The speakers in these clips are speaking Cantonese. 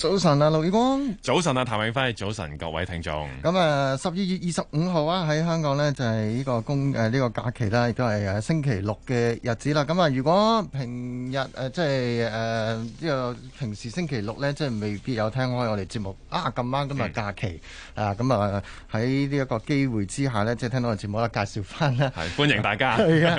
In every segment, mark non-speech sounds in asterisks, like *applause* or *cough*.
早晨啊，陸宇光。早晨啊，譚永輝。早晨，各位聽眾。咁啊，十二月二十五號啊，喺香港咧就係、是、呢個公誒呢個假期啦，亦都係誒星期六嘅日子啦。咁啊，如果平日誒即係誒呢個平時星期六咧，即係未必有聽開我哋節目。啊，咁啱今日假期、嗯、啊，咁啊喺呢一個機會之下咧，即、就、係、是、聽到我哋節目啦介紹翻係歡迎大家。係 *laughs* 啊。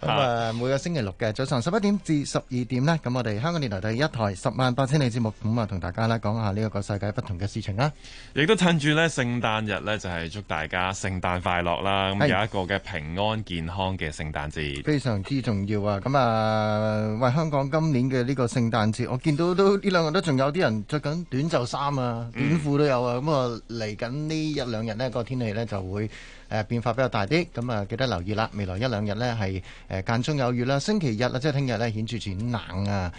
咁啊， *laughs* 每個星期六嘅早上十一點至十二點咧，咁我哋香港電台第一台十萬八千里節目，咁啊同大家。阿叻講下呢一個世界不同嘅事情啦，亦都趁住呢聖誕日呢，就係、是、祝大家聖誕快樂啦！咁有一個嘅平安健康嘅聖誕節，非常之重要啊！咁啊喂，香港今年嘅呢個聖誕節，我見到都呢兩日都仲有啲人着緊短袖衫啊、嗯、短褲都有啊！咁啊嚟緊呢一兩日呢個天氣呢，就會誒變化比較大啲。咁啊，記得留意啦！未來一兩日呢，係誒間中有雨啦，星期日啦，即係聽日呢，顯著轉冷啊！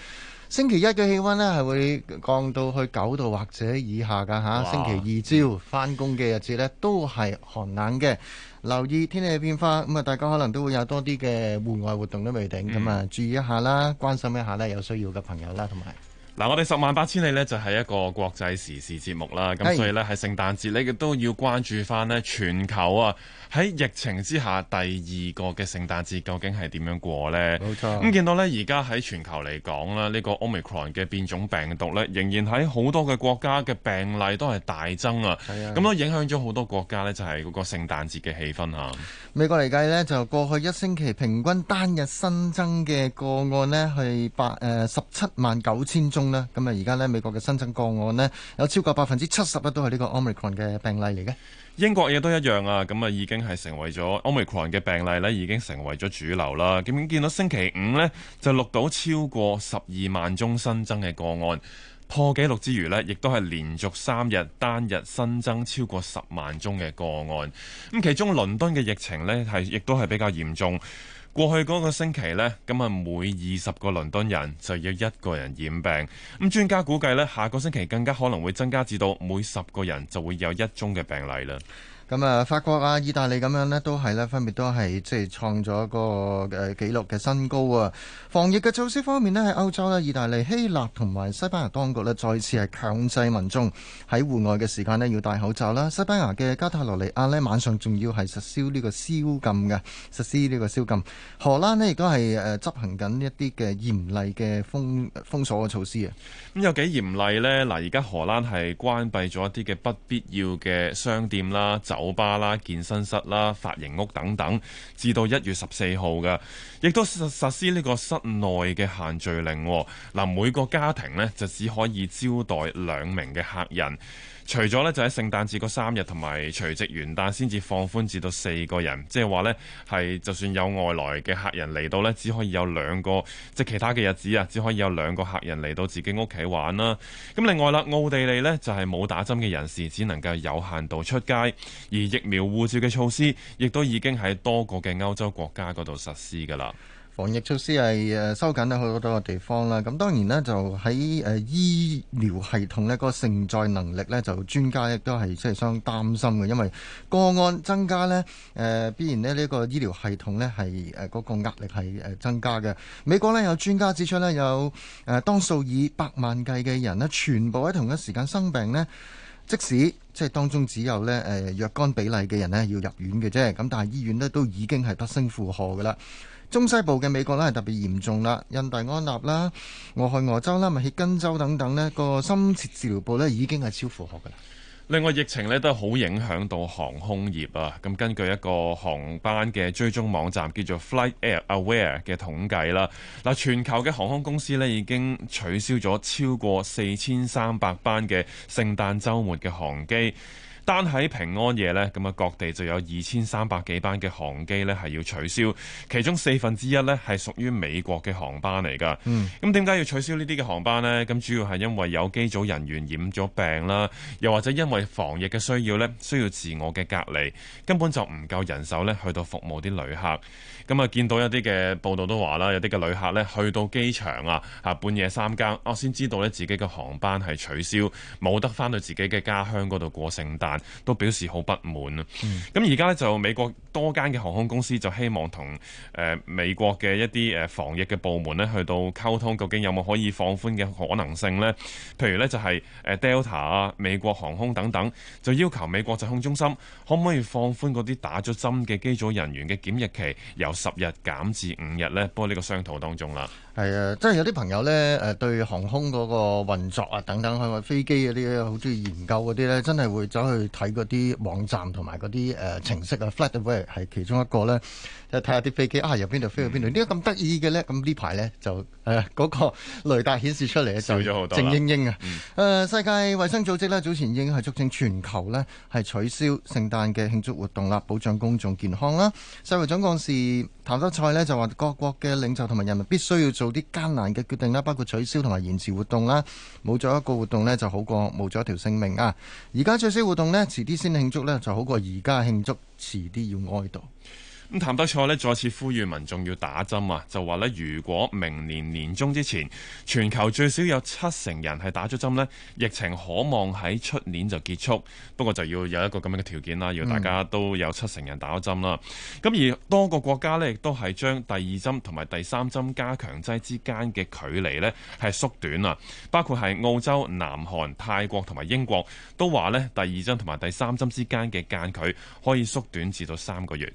星期一嘅氣溫呢係會降到去九度或者以下噶嚇。星期二朝返工嘅日子呢都係寒冷嘅，留意天氣嘅變化。咁啊，大家可能都會有多啲嘅戶外活動都未定，咁、嗯、啊注意一下啦，關心一下呢有需要嘅朋友啦，同埋。嗱，我哋十萬八千里咧，就係一個國際時事節目啦，咁所以咧喺聖誕節呢亦都要關注翻咧，全球啊喺疫情之下第二個嘅聖誕節究竟係點樣過咧？冇錯。咁見到咧而家喺全球嚟講啦，呢個 Omicron 嘅變種病毒咧仍然喺好多嘅國家嘅病例都係大增啊。係啊。咁都影響咗好多國家咧，就係嗰個聖誕節嘅氣氛啊。美國嚟計咧就過去一星期平均單日新增嘅個案咧，係八誒十七萬九千咁啊，而家咧，美國嘅新增個案呢，有超過百分之七十咧，都係呢個 Omicron 嘅病例嚟嘅。英國亦都一樣啊，咁啊，已經係成為咗 Omicron 嘅病例呢已經成為咗主流啦。咁見到星期五呢，就錄到超過十二萬宗新增嘅個案，破紀錄之餘呢，亦都係連續三日單日新增超過十萬宗嘅個案。咁其中倫敦嘅疫情呢，係亦都係比較嚴重。過去嗰個星期呢，咁啊，每二十個倫敦人就要一個人染病。咁專家估計呢，下個星期更加可能會增加至到每十個人就會有一宗嘅病例啦。咁啊，法國啊、意大利咁樣呢都係呢分別都係即係創咗個誒記錄嘅新高啊！防疫嘅措施方面呢，喺歐洲呢，意大利、希臘同埋西班牙當局呢，再次係強制民眾喺戶外嘅時間呢要戴口罩啦。西班牙嘅加泰羅尼亞呢，晚上仲要係實施呢個宵禁嘅，實施呢個宵禁。荷蘭呢亦都係誒執行緊一啲嘅嚴厲嘅封封鎖嘅措施啊！咁有幾嚴厲呢？嗱，而家荷蘭係關閉咗一啲嘅不必要嘅商店啦、酒吧啦、健身室啦、髮型屋等等，至到一月十四號㗎，亦都實施呢個室內嘅限聚令。嗱，每個家庭呢，就只可以招待兩名嘅客人。除咗呢，就喺聖誕節嗰三日同埋除夕元旦先至放寬至到四個人，即係話呢，係就算有外來嘅客人嚟到呢，只可以有兩個；即係其他嘅日子啊，只可以有兩個客人嚟到自己屋企玩啦。咁另外啦，奧地利呢，就係冇打針嘅人士只能夠有限度出街，而疫苗護照嘅措施亦都已經喺多個嘅歐洲國家嗰度實施㗎喇。防疫措施係誒收緊咧，好多個地方啦。咁當然呢，就喺誒醫療系統呢個承載能力呢，就專家亦都係即係相當擔心嘅，因為個案增加呢，誒、呃，必然呢，呢個醫療系統呢係誒嗰個壓力係誒增加嘅。美國呢，有專家指出呢，有誒、呃、當數以百萬計嘅人呢，全部喺同一時間生病呢，即使即係、就是、當中只有呢誒、呃、若干比例嘅人呢，要入院嘅啫，咁但係醫院呢，都已經係不勝負荷㗎啦。中西部嘅美國係特別嚴重啦，印第安納啦、俄亥俄州啦、密歇根州等等，個深切治療部已經係超負荷嘅啦。另外疫情都好影響到航空業啊。咁根據一個航班嘅追蹤網站叫做 FlightAware 嘅統計啦，嗱，全球嘅航空公司已經取消咗超過四千三百班嘅聖誕週末嘅航機。但喺平安夜咧，咁啊各地就有二千三百幾班嘅航機咧係要取消，其中四分之一咧係屬於美國嘅航班嚟㗎。嗯，咁點解要取消呢啲嘅航班咧？咁主要係因為有機組人員染咗病啦，又或者因為防疫嘅需要咧，需要自我嘅隔離，根本就唔夠人手咧去到服務啲旅客。咁啊，見到一啲嘅報道都話啦，有啲嘅旅客咧去到機場啊，啊半夜三更，我先知道咧自己嘅航班係取消，冇得返到自己嘅家鄉度過聖誕。都表示好不滿啊！咁而家咧就美國多間嘅航空公司就希望同美國嘅一啲防疫嘅部門咧去到溝通，究竟有冇可以放寬嘅可能性呢？譬如呢，就係 Delta 啊、美國航空等等，就要求美國疾控中心可唔可以放寬嗰啲打咗針嘅機組人員嘅檢疫期由十日減至五日呢？不過呢個商討當中啦。係啊，即係有啲朋友呢，呃、對航空嗰個運作啊等等，去飛機嗰啲好中意研究嗰啲呢？真係會走去睇嗰啲網站同埋嗰啲程式啊。FlightAware 係其中一個呢，即係睇下啲飛機啊，由邊度飛到邊度？點解咁得意嘅呢，咁呢排呢，就嗰、呃嗰個雷達顯示出嚟少咗好多靜英英啊、嗯呃，世界衛生組織呢，早前已經係促請全球呢，係取消聖誕嘅慶祝活動啦，保障公眾健康啦。世衞總幹事譚德塞呢，就話各國嘅領袖同埋人民必須要。做啲艱難嘅決定啦，包括取消同埋延遲活動啦，冇咗一個活動呢，就好過冇咗一條性命啊！而家取消活動呢，遲啲先慶祝呢，就好過而家慶祝，遲啲要哀悼。咁，譚德賽呢再次呼籲民眾要打針啊！就話呢如果明年年中之前全球最少有七成人係打咗針呢，疫情可望喺出年就結束。不過就要有一個咁樣嘅條件啦，要大家都有七成人打咗針啦。咁、嗯、而多個國家呢，亦都係將第二針同埋第三針加強劑之間嘅距離呢係縮短啊，包括係澳洲、南韓、泰國同埋英國都話呢，第二針同埋第三針之間嘅間距可以縮短至到三個月。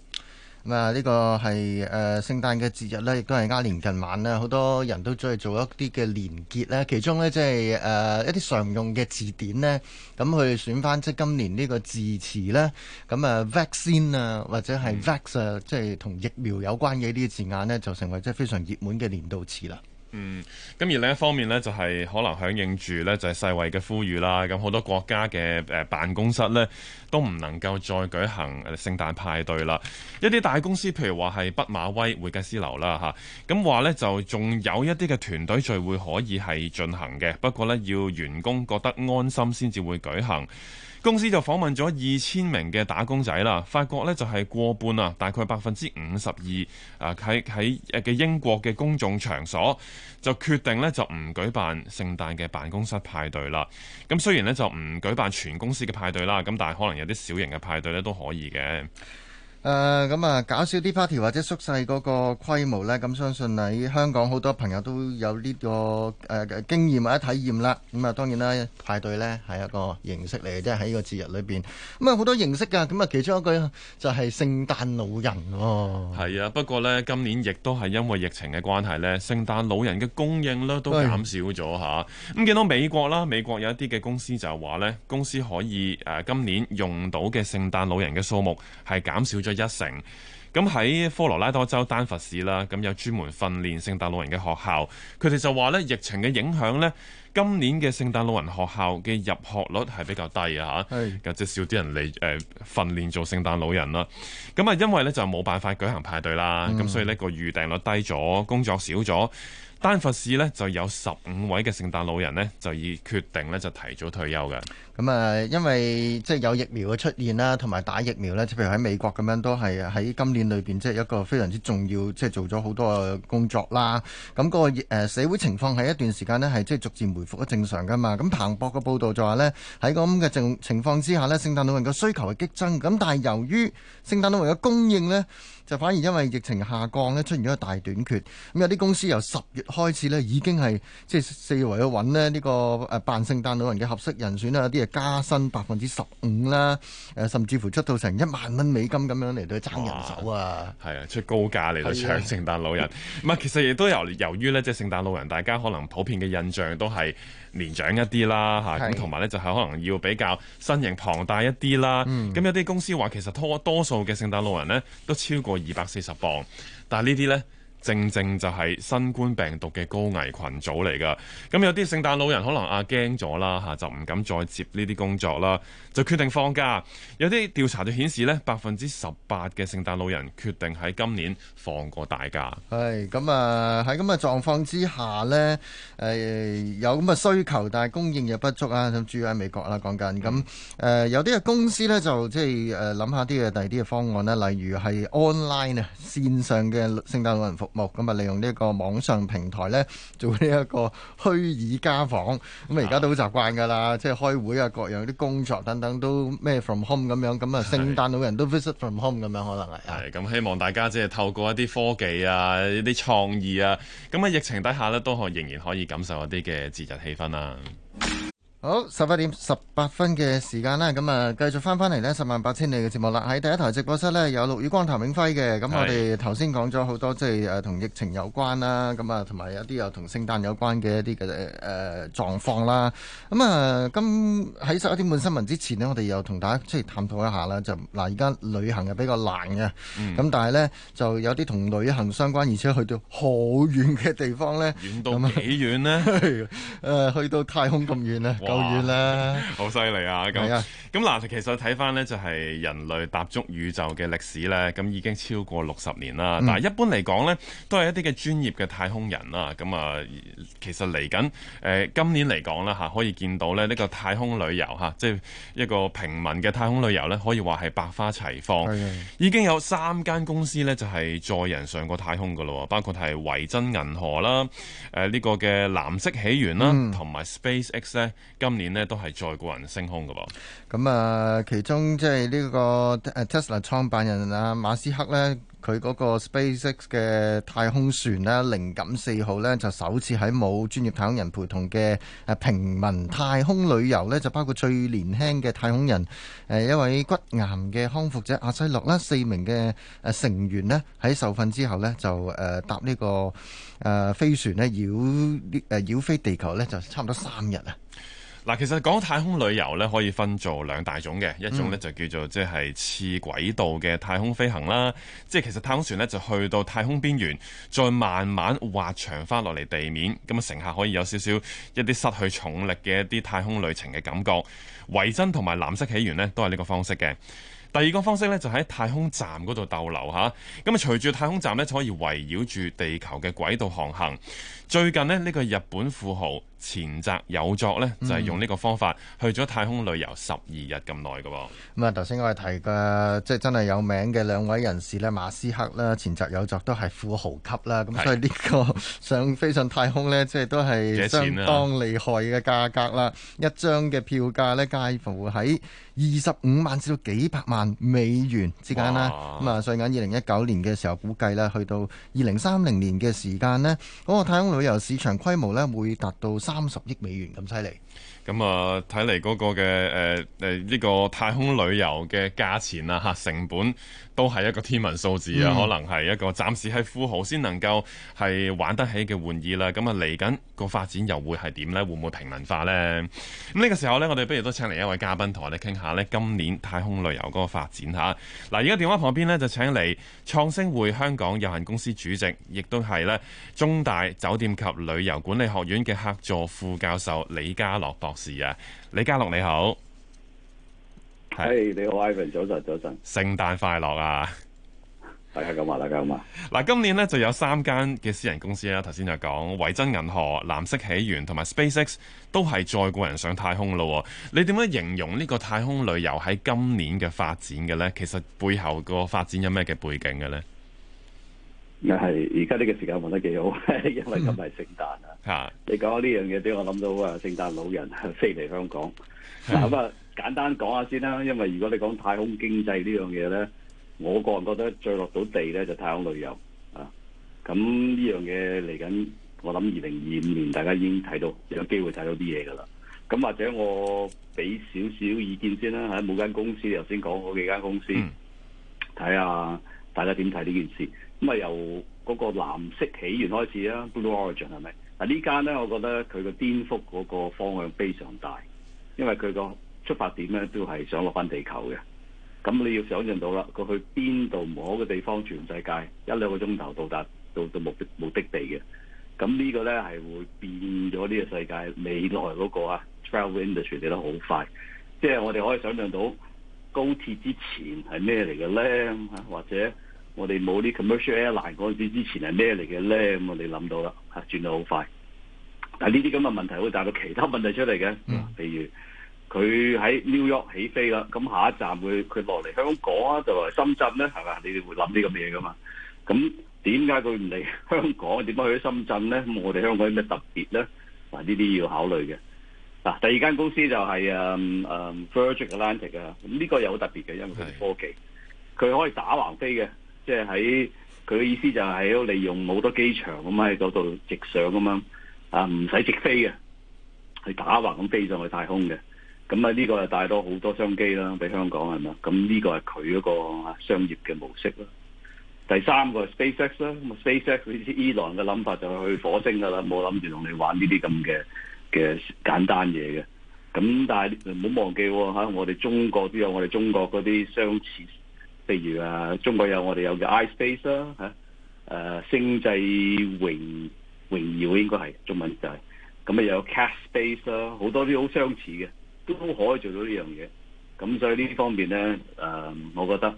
咁啊，呢、這個係誒、呃、聖誕嘅節日呢亦都係啱年近晚咧，好多人都中意做一啲嘅連結咧。其中呢即係誒一啲常用嘅字典呢咁去、嗯、選返即今年呢個字詞呢咁啊，vaccine 啊，嗯、Vaxin，或者係 vax、嗯、即係同疫苗有關嘅呢啲字眼呢就成為即非常熱門嘅年度詞啦。嗯，咁而另一方面呢，就係可能響應住呢，就係世衛嘅呼籲啦。咁好多國家嘅誒辦公室呢，都唔能夠再舉行聖誕派對啦。一啲大公司，譬如話係畢馬威，會計師樓啦，吓，咁話呢，就仲有一啲嘅團隊聚會可以係進行嘅，不過呢，要員工覺得安心先至會舉行。公司就訪問咗二千名嘅打工仔啦，發覺呢就係過半啊，大概百分之五十二啊，喺喺英國嘅公眾場所就決定呢就唔舉辦聖誕嘅辦公室派對啦。咁雖然呢就唔舉辦全公司嘅派對啦，咁但係可能有啲小型嘅派對呢都可以嘅。誒咁啊，搞少啲 party 或者縮細嗰個規模咧，咁、嗯、相信喺香港好多朋友都有呢、呢個誒、呃、經驗或者體驗啦。咁、嗯、啊，當然啦，派對咧係一個形式嚟嘅，即係喺個節日裏邊，咁啊好多形式啊，咁、嗯、啊，其中一個就係聖誕老人喎、哦。係啊，不過咧，今年亦都係因為疫情嘅關係咧，聖誕老人嘅供應咧都減少咗吓，咁見到美國啦，美國有一啲嘅公司就話咧，公司可以誒、呃、今年用到嘅聖誕老人嘅數目係減少咗，一成，咁喺科羅拉多州丹佛市啦，咁有專門訓練聖誕老人嘅學校，佢哋就話咧疫情嘅影響咧，今年嘅聖誕老人學校嘅入學率係比較低啊吓，咁即少啲人嚟誒訓練做聖誕老人啦。咁啊，因為咧就冇辦法舉行派對啦，咁、嗯、所以呢個預訂率低咗，工作少咗。丹佛市咧就有十五位嘅聖誕老人咧就已決定咧就提早退休嘅。咁啊、呃，因為即係有疫苗嘅出現啦，同埋打疫苗咧，即係譬如喺美國咁樣都係喺今年裏邊即係一個非常之重要，即係做咗好多工作啦。咁、個誒、呃、社會情況喺一段時間咧係即係逐漸回復咗正常噶嘛。咁彭博嘅報導就話呢喺咁嘅情情況之下咧，聖誕老人嘅需求係激增，咁但係由於聖誕老人嘅供應呢，就反而因為疫情下降咧，出現咗個大短缺。咁有啲公司由十月開始咧，已經係即係四圍去揾咧呢個誒扮聖誕老人嘅合適人選啦。有啲係加薪百分之十五啦，誒甚至乎出到成一萬蚊美金咁樣嚟到爭人手啊！係啊，出高價嚟到搶聖誕老人。唔係、啊， *laughs* 其實亦都由由於咧，即係聖誕老人，大家可能普遍嘅印象都係。年長一啲啦，嚇咁同埋咧就係可能要比較身形龐大一啲啦，咁、嗯、有啲公司話其實多多數嘅聖誕老人咧都超過二百四十磅，但係呢啲咧。正正就係新冠病毒嘅高危群組嚟噶，咁有啲聖誕老人可能啊驚咗啦嚇，就唔敢再接呢啲工作啦，就決定放假。有啲調查就顯示呢，百分之十八嘅聖誕老人決定喺今年放個大假。係咁啊，喺咁嘅狀況之下呢，誒、啊、有咁嘅需求，但係供應又不足啊。咁主要喺美國啦，講緊咁誒，有啲嘅公司呢，就即係誒諗下啲嘅第二啲嘅方案呢，例如係 online 啊線上嘅聖誕老人服。冇咁啊！利用呢一個網上平台咧，做呢一個虛擬家訪，咁啊而家都好習慣噶啦、啊，即係開會啊，各樣啲工作等等都咩 from home 咁樣，咁啊聖誕老人都 visit from home 咁樣可能係。係，咁希望大家即係透過一啲科技啊、一啲創意啊，咁喺疫情底下咧，都可仍然可以感受一啲嘅節日氣氛啦、啊。好，十一點十八分嘅時間啦，咁啊，繼續翻翻嚟呢十萬八千里嘅節目啦。喺第一台直播室呢，有陸宇光、譚永輝嘅。咁我哋頭先講咗好多，即係誒同疫情有關啦，咁啊，同埋有啲又同聖誕有關嘅一啲嘅誒狀況啦。咁啊，今喺十一點半新聞之前呢，我哋又同大家出嚟探討一下啦。就嗱，而、呃、家旅行係比較難嘅，咁、嗯、但係呢，就有啲同旅行相關，而且去到好遠嘅地方呢。遠到幾遠呢？誒、呃，去到太空咁遠呢？好犀利啊！咁咁嗱，其實睇返呢就係、是、人類踏足宇宙嘅歷史呢，咁已經超過六十年啦。嗱、嗯，但一般嚟講呢，都係一啲嘅專業嘅太空人啦。咁啊，其實嚟緊誒，今年嚟講呢吓、啊，可以見到呢呢、這個太空旅遊吓，即、啊、係、就是、一個平民嘅太空旅遊呢，可以話係百花齊放。已經有三間公司呢，就係、是、載人上過太空噶啦，包括係維珍銀河啦，誒、呃、呢、這個嘅藍色起源啦，同、嗯、埋 SpaceX 呢。今年呢都係載過人升空嘅噃，咁啊、呃，其中即係呢個 Tesla 創辦人啊馬斯克呢，佢嗰個 SpaceX 嘅太空船啦，靈感四號呢，就首次喺冇專業太空人陪同嘅誒平民太空旅遊呢，就包括最年輕嘅太空人誒一位骨癌嘅康復者阿西諾啦，四名嘅誒成員呢，喺受訓之後呢，就誒、呃、搭呢、呢個誒、呃、飛船呢，繞誒繞飛地球呢，就差唔多三日啊！嗱，其實講太空旅遊咧，可以分做兩大種嘅，一種咧就叫做即係次軌道嘅太空飛行啦、嗯，即係其實太空船咧就去到太空邊緣，再慢慢滑翔返落嚟地面，咁啊乘客可以有少少一啲失去重力嘅一啲太空旅程嘅感覺。維珍同埋藍色起源呢，都係呢個方式嘅。第二個方式咧就喺太空站嗰度逗留吓，咁啊隨住太空站咧就可以圍繞住地球嘅軌道航行。最近呢，呢個日本富豪。前澤有作呢，就係用呢個方法去咗太空旅遊十二日咁耐嘅。咁、嗯、啊，頭先我哋提嘅即係真係有名嘅兩位人士呢，馬斯克啦，前澤有作都係富豪級啦。咁所以呢、呢個上飛上太空呢，即係都係相當厲害嘅價格啦。啊、一張嘅票價呢，介乎喺二十五萬至到幾百萬美元之間啦。咁啊，上緊二零一九年嘅時候估計呢，去到二零三零年嘅時間呢，嗰個太空旅遊市場規模呢，會達到。三十億美元咁犀利。咁啊，睇嚟嗰個嘅誒誒呢個太空旅遊嘅價錢啊，吓、呃、成本都係一個天文數字啊、嗯，可能係一個暫時係富豪先能夠係玩得起嘅玩意啦。咁啊，嚟緊個發展又會係點咧？會唔會平民化咧？咁呢個時候咧，我哋不如都請嚟一位嘉賓同我哋傾下咧，今年太空旅遊嗰個發展吓，嗱，而家電話旁邊咧就請嚟創星滙香港有限公司主席，亦都係咧中大酒店及旅遊管理學院嘅客座副教授李嘉樂博士。是啊，李嘉樂，你好，係、hey, 你好，Ivan，早晨早晨，聖誕快樂啊！大家好嘛，大家好嘛。嗱，今年咧就有三間嘅私人公司啦。頭先就講，維珍銀河、藍色起源同埋 SpaceX 都係載個人上太空咯。你點樣形容呢個太空旅遊喺今年嘅發展嘅呢？其實背後個發展有咩嘅背景嘅呢？係而家呢個時間問得幾好，因為今日係聖誕啊！你講呢樣嘢，俾我諗到啊，聖誕老人飛嚟香港。咁、嗯、啊，簡單講下先啦。因為如果你講太空經濟呢樣嘢咧，我個人覺得最落到地咧就是太空旅遊啊。咁呢樣嘢嚟緊，我諗二零二五年大家已經睇到有機會睇到啲嘢噶啦。咁或者我俾少少意見先啦，喺每間公司頭先講嗰幾間公司，睇下、嗯、大家點睇呢件事。咁啊，由嗰個藍色起源開始啊，Blue Origin 係咪？嗱呢間咧，我覺得佢個顛覆嗰個方向非常大，因為佢個出發點咧都係想落翻地球嘅。咁你要想象到啦，佢去邊度某個地方，全世界一兩個鐘頭到達到到目目的地嘅。咁呢個咧係會變咗呢個世界未來嗰、嗰個啊，Travel Industry 嚟得好快。即係我哋可以想象到高鐵之前係咩嚟嘅咧，或者？我哋冇啲 commercial airline 嗰陣時，之前係咩嚟嘅咧？咁我哋諗到啦，嚇轉到好快。但係呢啲咁嘅問題會帶到其他問題出嚟嘅，譬、嗯、如佢喺 New York 起飛啦，咁下一站佢佢落嚟香港啊，定嚟深圳咧？係咪你哋會諗啲咁嘢噶嘛？咁點解佢唔嚟香港？點解去深圳咧？咁我哋香港有咩特別咧？嗱呢啲要考慮嘅。嗱，第二間公司就係啊啊 Virgin Atlantic 啊，咁呢個有好特別嘅，因為佢係科技，佢可以打橫飛嘅。即係喺佢嘅意思就係喺度利用好多機場，咁喺嗰度直上咁樣啊，唔使直飛嘅，去打橫咁飛上去太空嘅。咁啊呢個係帶到好多商機啦，俾香港係嘛。咁呢個係佢嗰個商業嘅模式啦。第三個係 SpaceX 啦，SpaceX 呢啲 Elon 嘅諗法就係去火星噶啦，冇諗住同你玩呢啲咁嘅嘅簡單嘢嘅。咁但係唔好忘記吓，哦啊，我哋中國都有我哋中國嗰啲相似。譬如啊，中國有我哋有嘅 iSpace 啦吓，啊、星際榮，榮耀應該係中文就係、是，咁啊有 CAS Space 啦，好多啲好相似嘅，都可以做到呢樣嘢。咁所以呢啲方面咧、啊，我覺得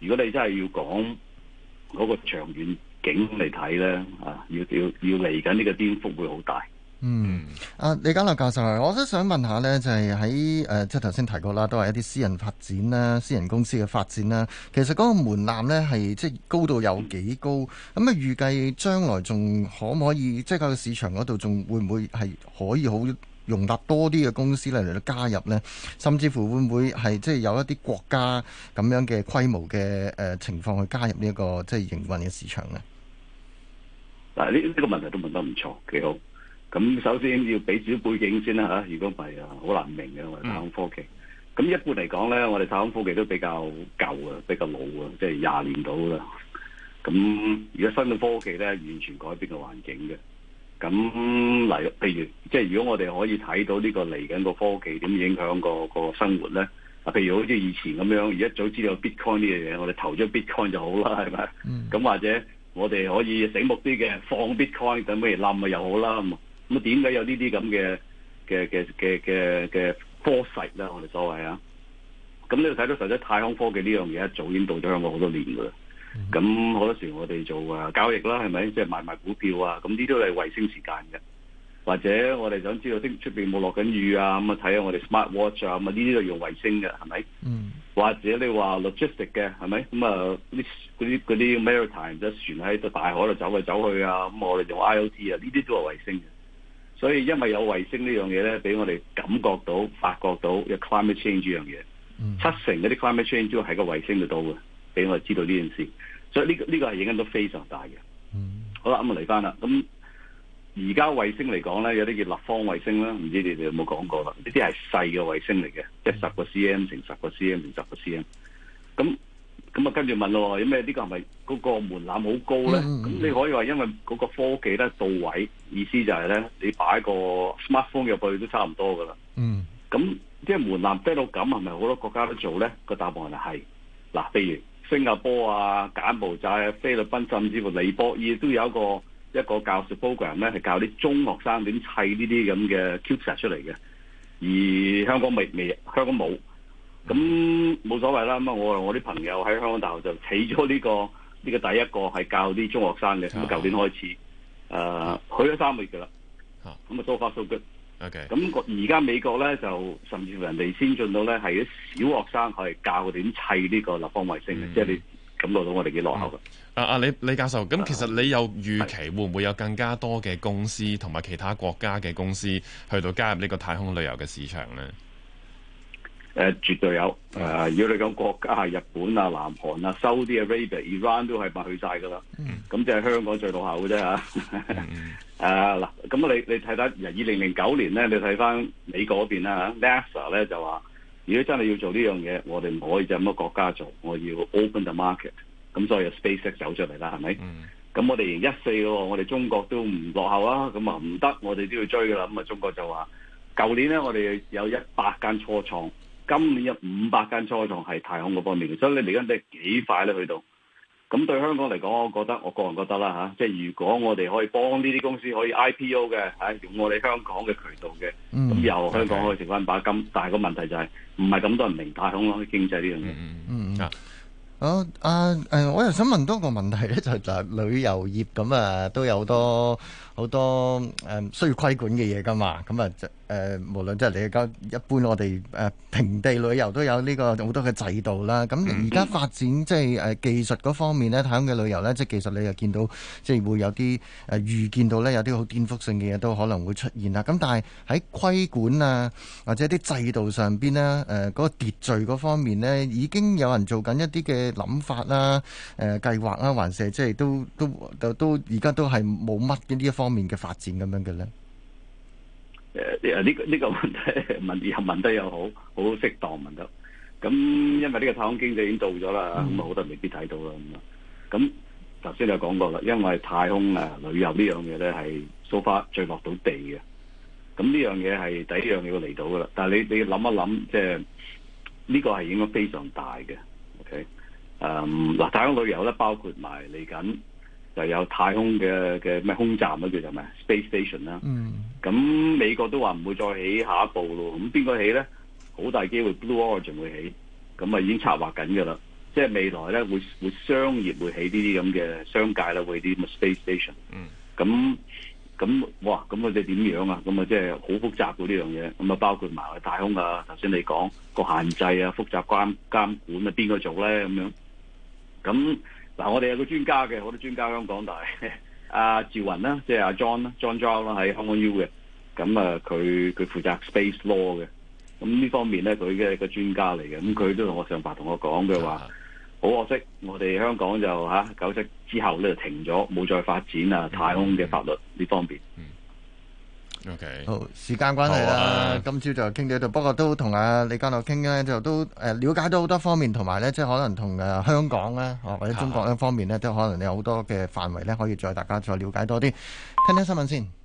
如果你真係要講嗰個長遠景嚟睇咧，啊要要要嚟緊呢個顛覆會好大。嗯，阿李嘉樂教授，我都想問下呢，就係喺誒，即係頭先提過啦，都係一啲私人發展啦，私人公司嘅發展啦。其實嗰個門檻呢，係即係高到有幾高？咁啊，預計將來仲可唔可以，即係個市場嗰度仲會唔會係可以好容納多啲嘅公司咧嚟到加入呢？甚至乎會唔會係即係有一啲國家咁樣嘅規模嘅誒情況去加入呢一個即係營運嘅市場呢？嗱，呢呢個問題都問得唔錯，幾好。咁首先要俾少背景先啦吓，如果唔係啊，好、啊、難明嘅我哋太空科技。咁一般嚟講咧，我哋太空科技都比較舊啊，比較老啊，即係廿年到啦。咁如果新嘅科技咧，完全改變個環境嘅。咁例譬如即係如果我哋可以睇到呢、呢個嚟緊個科技點影響、個個生活咧，啊，譬如好似以前咁樣，而家早知道有 Bitcoin 呢樣嘢，我哋投咗 Bitcoin 就好啦，係咪？咁、嗯、或者我哋可以醒目啲嘅放 Bitcoin，等譬如冧啊又好啦。咁點解有呢啲咁嘅嘅嘅嘅嘅嘅科技咧？我哋所謂啊，咁你睇到實質太空科技呢樣嘢，早已到咗香港好多年噶啦。咁、mm-hmm. 好多時我哋做啊交易啦，係咪即係賣賣股票啊？咁呢啲都係衛星時間嘅。或者我哋想知道出邊冇落緊雨啊？咁啊睇下我哋 smart watch 啊，咁啊呢啲都係用衛星嘅，係咪？Mm-hmm. 或者你話 logistic 嘅，係咪？咁啊，啲嗰啲啲 maritime 即船喺大海度走嚟走去啊，咁我哋用 IOT 啊，呢啲都係衛星嘅。所以，因為有衛星這件事呢樣嘢咧，俾我哋感覺到、發覺到有 climate change 呢樣嘢，七成嗰啲 climate change 都喺個衛星度度嘅，俾我哋知道呢件事。所以呢、呢個呢、呢個係影響都非常大嘅、嗯。好啦，咁啊嚟翻啦。咁而家衛星嚟講咧，有啲叫立方衛星啦，唔知你哋有冇講過啦？呢啲係細嘅衛星嚟嘅，即十個 cm 乘十個 cm 乘十個 cm 咁。咁啊，跟住問咯，有咩？呢個係咪嗰個門檻好高咧？咁、嗯嗯、你可以話因為嗰個科技咧到位，意思就係咧，你擺個 smartphone 入去都差唔多噶啦。嗯，咁即係門檻低到咁，係咪好多國家都做咧？個答案係、就、係、是。嗱，譬如新加坡啊、柬埔寨啊、菲律賓，甚至乎尼波爾都有一個一個教學 program 咧，係教啲中學生點砌呢啲咁嘅 cutter 出嚟嘅。而香港未未，香港冇。咁、嗯、冇、嗯、所謂啦，咁啊我我啲朋友喺香港大學就起咗呢、這個呢、這個第一個係教啲中學生嘅，咁啊舊年開始，誒、呃嗯，去咗三個月噶啦，咁啊多發數據，OK，咁而家美國咧就甚至乎人哋先進到咧係啲小學生係教點啲砌呢個立方衛星嘅，即、嗯、係、就是、你感受到我哋幾落後嘅、嗯。啊啊李李教授，咁其實你有預期會唔會有更加多嘅公司同埋其他國家嘅公司去到加入呢個太空旅遊嘅市場咧？誒，絕對有誒！如果你講國家係日本啊、南韓啊，Saudi Arabia、Iran 都係咪去晒噶啦，咁就係香港最落後嘅啫吓。誒 *laughs* 嗱、呃，咁你你睇得，二零零九年咧，你睇翻美國嗰邊啦 NASA 咧就話，如果真係要做呢樣嘢，我哋唔可以就咁一個國家做，我要 open the market。咁所以就 SpaceX 走出嚟啦，係咪？咁、嗯、我哋二零一四我哋中國都唔落後啊，咁啊唔得，我哋都要追噶啦。咁啊中國就話，舊年咧我哋有一百間初創。今年有五百間初創係太空嗰方面，所以你嚟緊都係幾快咧去到。咁對香港嚟講，我覺得我個人覺得啦吓、啊，即係如果我哋可以幫呢啲公司可以 IPO 嘅，吓、啊、用我哋香港嘅渠道嘅，咁、嗯嗯、由香港可以剩翻把金。Okay. 但係個問題就係唔係咁多人明白太空經濟呢樣嘢。嗯嗯嗯啊，誒、啊嗯，我又想問多個問題咧，就就係、係旅遊業咁啊，都有多。好多誒需要規管嘅嘢噶嘛，咁啊誒無論即係你而家一般我哋誒、呃、平地旅遊都有呢個好多嘅制度啦。咁而家發展、嗯、即係誒技術方面咧，太空嘅旅遊咧，即係技術你又見到即係會有啲誒預見到咧，有啲好顛覆性嘅嘢都可能會出現啦。咁但係喺規管啊或者啲制度上邊咧，誒、呃那個秩序方面咧，已經有人做緊一啲嘅諗法啦、誒計劃啦，還是即係都都就都而家都係冇乜嘅呢一。方面嘅發展咁樣嘅咧，誒、這個，呢個呢個問題問又問得又好，好適當問得。咁因為呢個太空經濟已經到咗啦，咁好多人未必睇到啦。咁，咁頭先就講過啦，因為太空誒、呃、旅遊呢樣嘢咧係 so far 最，最落到地嘅，咁呢樣嘢係第一樣嘢要嚟到噶啦。但係你你諗一諗，即係呢、這個係應該非常大嘅。O K，誒，嗱，太空旅遊咧包括埋嚟緊。就有太空嘅嘅咩空站啊，叫做咩？Space Station 啦。嗯。咁美國都話唔會再起下一步咯。咁邊個起咧？好大機會 Blue Origin 會起。咁啊已經策劃緊噶啦。即係未來咧會會商業會起呢啲咁嘅商界啦，會啲 Space Station。嗯。Mm. 咁咁哇，咁佢哋點樣啊？咁啊即係好複雜嘅呢樣嘢。咁啊包括埋太空啊。頭先你講個限制啊，複雜監監管啊，邊個做咧？咁樣。咁。嗱、啊，我哋有個專家嘅，好多專家香港大，阿、啊、趙雲啦，即係阿 John 啦，John John 啦，喺 Hong Kong U 嘅，咁啊，佢佢負責 space law 嘅，咁、啊、呢方面咧，佢嘅一個專家嚟嘅，咁、啊、佢都同我上排同我講佢話，好可惜，我哋香港就嚇、啊、九七之後咧停咗，冇再發展啊太空嘅法律呢方面。嗯嗯嗯。Okay. 好，時間關係啦，啊、今朝就傾到呢度。不過都同阿李嘉樂傾呢就都誒了解到好多方面，同埋呢即係可能同誒香港呢，或者中國呢方面呢，都可能有好多嘅範圍呢，可以再大家再了解多啲。聽聽新聞先。